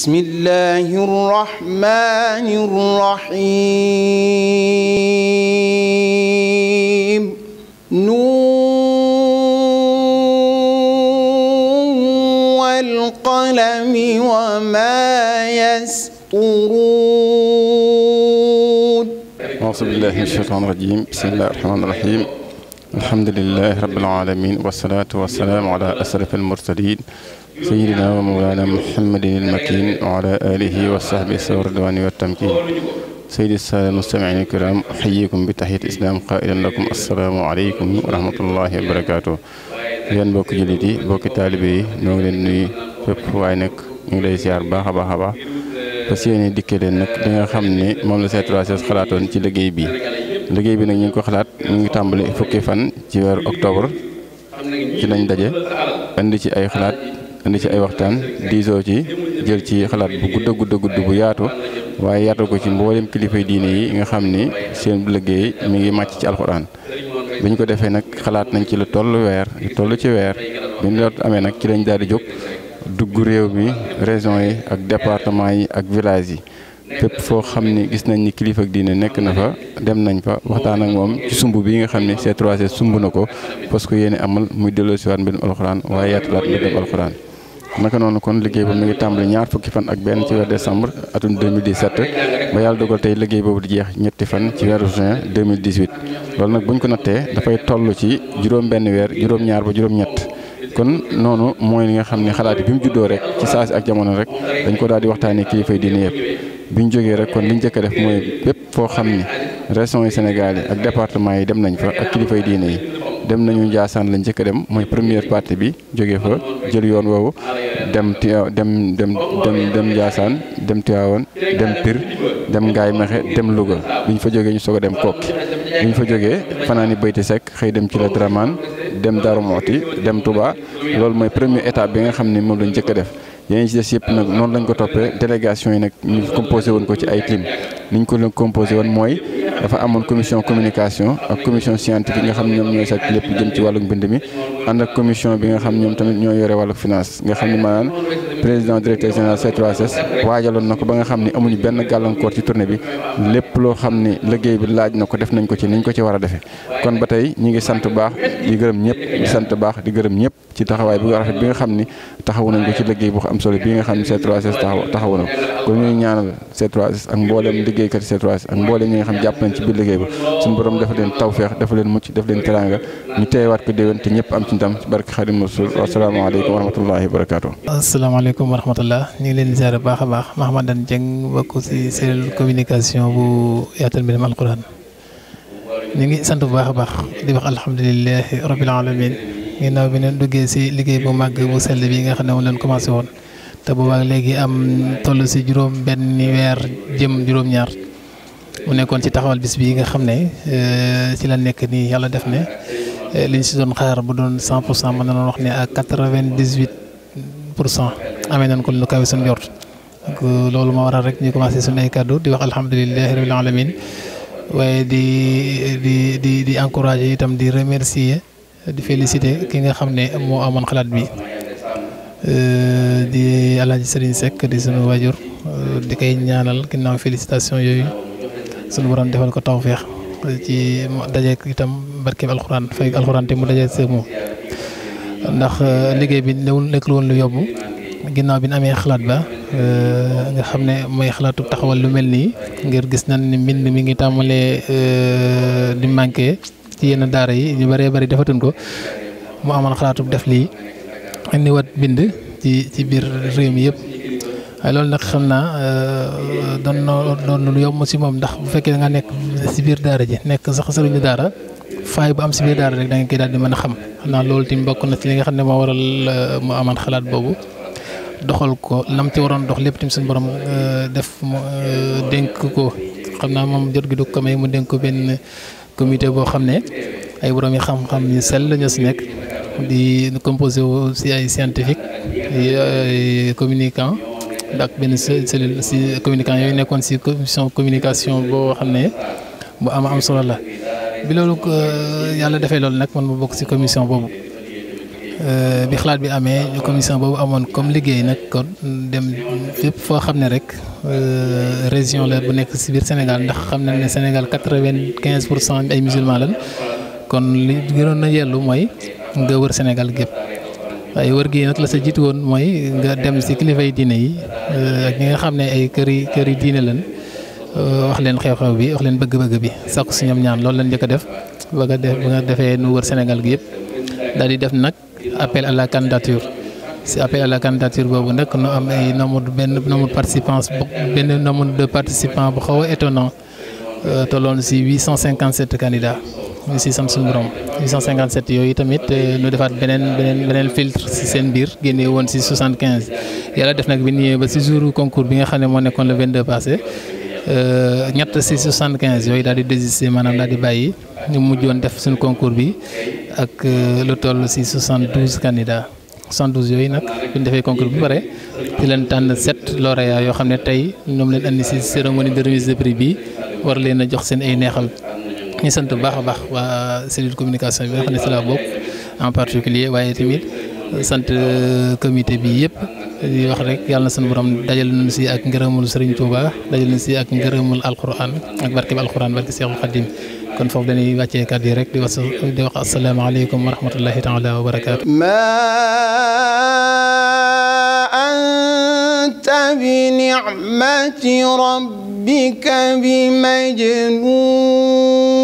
بسم الله الرحمن الرحيم نون والقلم وما يسطرون أعوذ بالله من الشيطان الرجيم بسم الله الرحمن الرحيم الحمد لله رب العالمين والصلاة والسلام على أشرف المرسلين sayyidina wa mawlana muhammadin al-makin wa ala alihi wa sahbihi sa ridwani wa tamkin sayyidi saada mustamiin kiram xayyikum bi taxiyat islam qailan lakum assalaamu aleykum wa rahmatullahi wa barakaatu yéen mbokki jullit yi mbokki taalibe ñoo ngi leen nuyu fépp waaye nag ñu ngi lay ziar baax a baax a baax parce que yéen dikkee leen nag li nga xam ni moom la C3S xalaatoon ci liggéey bi liggéey bi nag ñu ngi ko xalaat ñu ngi tàmbali fukki fan ci weeru octobre lañ daje indi ci ay xalaat indi ci ay waxtaan diisoo ci jël ci xalaat bu gudd a gudd bu yaatu waaye yaatal ko ci mboolem kilifa diine yi nga xam ni seen liggéey mi ngi màcc ci alxuraan bi ko defee nag xalaat nañ ci la toll weer lu toll ci weer bi ñu amee nag ci lañ daal di jóg dugg réew mi région yi ak département yi ak village yi fépp foo xam ni gis nañ ni kilifa ak diine nekk na fa dem nañ fa waxtaan ak moom ci sumb bi nga xam ne C3S sumb na ko parce que yéen amal muy delloo si waat mbirum alxuraan waaye yaatalaat naka noonu kon liggéey boobu mi ngi tàmbali ñaar fukki fan ak benn ci weeru décembre atum 2017 ba yàlla dogal tey liggéey boobu di jeex ñetti fan ci weeru juin 2018 loolu nag bu ñu ko nattee dafay toll ci juróom-benn weer juróom-ñaar ba juróom-ñett. kon noonu mooy li nga xam ne xalaat yi bi mu juddoo rek ci saasi ak jamono rek dañ ko daal di waxtaanee kilifa yi diine yëpp bi ñu jógee rek kon li ñu njëkk a def mooy bépp foo xam ni régions yi Sénégal yi ak département yi dem nañ fa ak kilifa yi diine dem nañu Ndiassane lañ njëkk dem mooy première partie bi jóge fa jël yoon woowu dem Tiwa dem dem dem dem Ndiassane dem Tiwaawoon dem Pire dem Ngaay Mexe dem Louga bi ñu fa jógee ñu soog a dem Kokki bi ñu fa jógee fanaani Bayti Seck xëy dem ci la Dramane dem Darou Mouhty dem Touba loolu mooy première étape bi nga xam ni moom lañ njëkk def. yeneen ci des yëpp nag noonu lañ ko toppee délégation yi nag ñu composé woon ko ci ay team ñu ko composé woon mooy. dafa amoon commission communication ak commission scientifique nga xam ne ñoom ñooy sàcc lépp jëm ci wàllu mbind mi ànd ak commission bi nga xam ñoom tamit ñoo yore wàllu finance nga xam ne maanaam président directeur général C3S waajaloon na ko ba nga xam ne amuñu benn gàllankoor ci tournée bi lépp loo xam ne liggéey bi laaj na ko def nañ ko ci niñ ko ci war a defee kon ba tey ñu ngi sant baax di gërëm ñëpp di sant baax di gërëm ñëpp ci taxawaay bi nga xam ni taxawu ko ci liggéey bu am solo bi nga xam ne C3S taxawu na ko ñuy ñaanal C3S ak mboolem liggéeykat c 3 ak mboolem ñi nga xam jàpp ci biir liggéey bi suñu borom dafa leen tawféex dafa leen mucc dafa leen teraanga ñu teewaat ko déwén te ñëpp am ci ndam ci asalaamaaleykum wa rahmatullah ñu ngi leen di ziare baax a baax Mahamadan Dieng bokk ci cellule communication bu yaatal mbirum alquran ñu ngi sant bu baax a baax di wax alhamdulilahi rabbil alamin ginnaaw bi neen duggee ci liggéey bu màgg bu sell bi nga xam ne moom leen commencé woon te boobaak léegi am toll ci juróom benn weer jëm juróom-ñaar mu nekkoon ci taxawal bis bi nga xam ne euh, ci la nekk nii yàlla def ne euh, li ci doon xaar bu doon pour cent mën na doon wax ne à amee nañ ko lu kawe suñu njort donc loolu moo waral rek ñu commencé suñu ay kàddu di wax alhamdulilahi rabil alamin waaye di di di di encourager itam di remercier di féliciter ki nga xam ne moo amoon xalaat bi euh, di Alaaji Sëriñ Seck di sunu wajur euh, di koy ñaanal ginnaaw félicitation yooyu sunu borom defal ko tawféex ci mu dajeek itam barkeeb alxuraan fay alxuraan te mu dajeek sëg ndax euh, liggéey bi newul nekkul woon lu ginnaaw bi ñu amee xalaat ba euh, nga xam ne mooy xalaatu taxawal lu mel nii ngir gis nañ ni mbind mi ngi tàmbalee euh, di manqué ci yenn daara yi ñu bëree bëri defatuñ ko mu amal xalaatu def lii indiwaat bind ci ci biir réew mi yëpp. waaye loolu nag xam naa euh, doon na doon na lu yomb si moom ndax bu fekkee da nga nekk si biir daara ji nekk sax sëriñu daara. faay bu am si rek da nga koy di mën a xam xam naa loolu tamit bokk na ci li nga xam ne moo waral mu aman xalaat boobu doxal ko lam ci waroon dox lépp tim suñu borom euh, def mu euh, dénk ko xam naa moom jot gi du ko mu dénk ko benn comité boo xam ne ay borom yi xam-xam yu sell si nekk di composé wu si ay scientifique ay communicant ak benn cellule si communicant yooyu nekkoon si commission communication boo xam ne mu am am solo la bi loolu euh, yàlla defee loolu nag man ma bokk si commission boobu. Euh, bi xalaat bi amee commission boobu amoon comme liggéey nag kon dem fépp foo xam ne rek euh, région la bu nekk si biir Sénégal ndax xam nañ ne Sénégal quatre-vingt-quinze pour cent ay musulmans lañ kon li gënoon na yellu mooy nga wër Sénégal gépp waaye wër gi nag la sa jiitu woon mooy nga dem si kilifay diine yi euh, ak ñi nga xam ne ay kër këri këri diine lañ wax leen xew-xew bi wax leen bëgg-bëgg bi sakku si ñoom ñaan loolu lañ njëkk a def ba nga def defee nu wër Sénégal yëpp. daal di def nag appel à la candidature si appel à la candidature boobu nag nu am ay nombre benn nombre participants benn nombre de participants bu xaw a étonnant euh, tolloon si 857 candidats ñu si sant suñu borom 857 yooyu tamit euh, ñu defaat beneen beneen beneen filtre si seen biir génne woon si 75 yàlla def nag bi ñëwee ba si jour concours bi nga xam ne moo nekkoon le 22 passé euh, ñett si 75 yooyu daal di désister maanaam daal di bàyyi ñu mujjoon def suñu concours bi ak euh, lu toll si 72 candidats 72 yooyu nag bu defee concours bu pare di leen tànn sept lauréats yoo xam ne tey ñoom leen andi si cérémonie de remise de prix bi war leen a jox seen ay neexal ñu sant bu baax a baax waa communication bi nga xam ne si laa bokk en particulier waaye tamit sant euh, comité bi yëpp di wax rek yàlla na sunu borom dajal nañu si ak ngërëmul Serigne Touba dajal nañu si ak ngërëmul alquran ak barke bi alquran barke Seexul Xadim kon foofu dañuy wàccee kàddu yi rek di wax di wax asalaamaaleykum wa rahmatullahi taala wa barakaatu. anta bi ni'mati rabbika bi majnun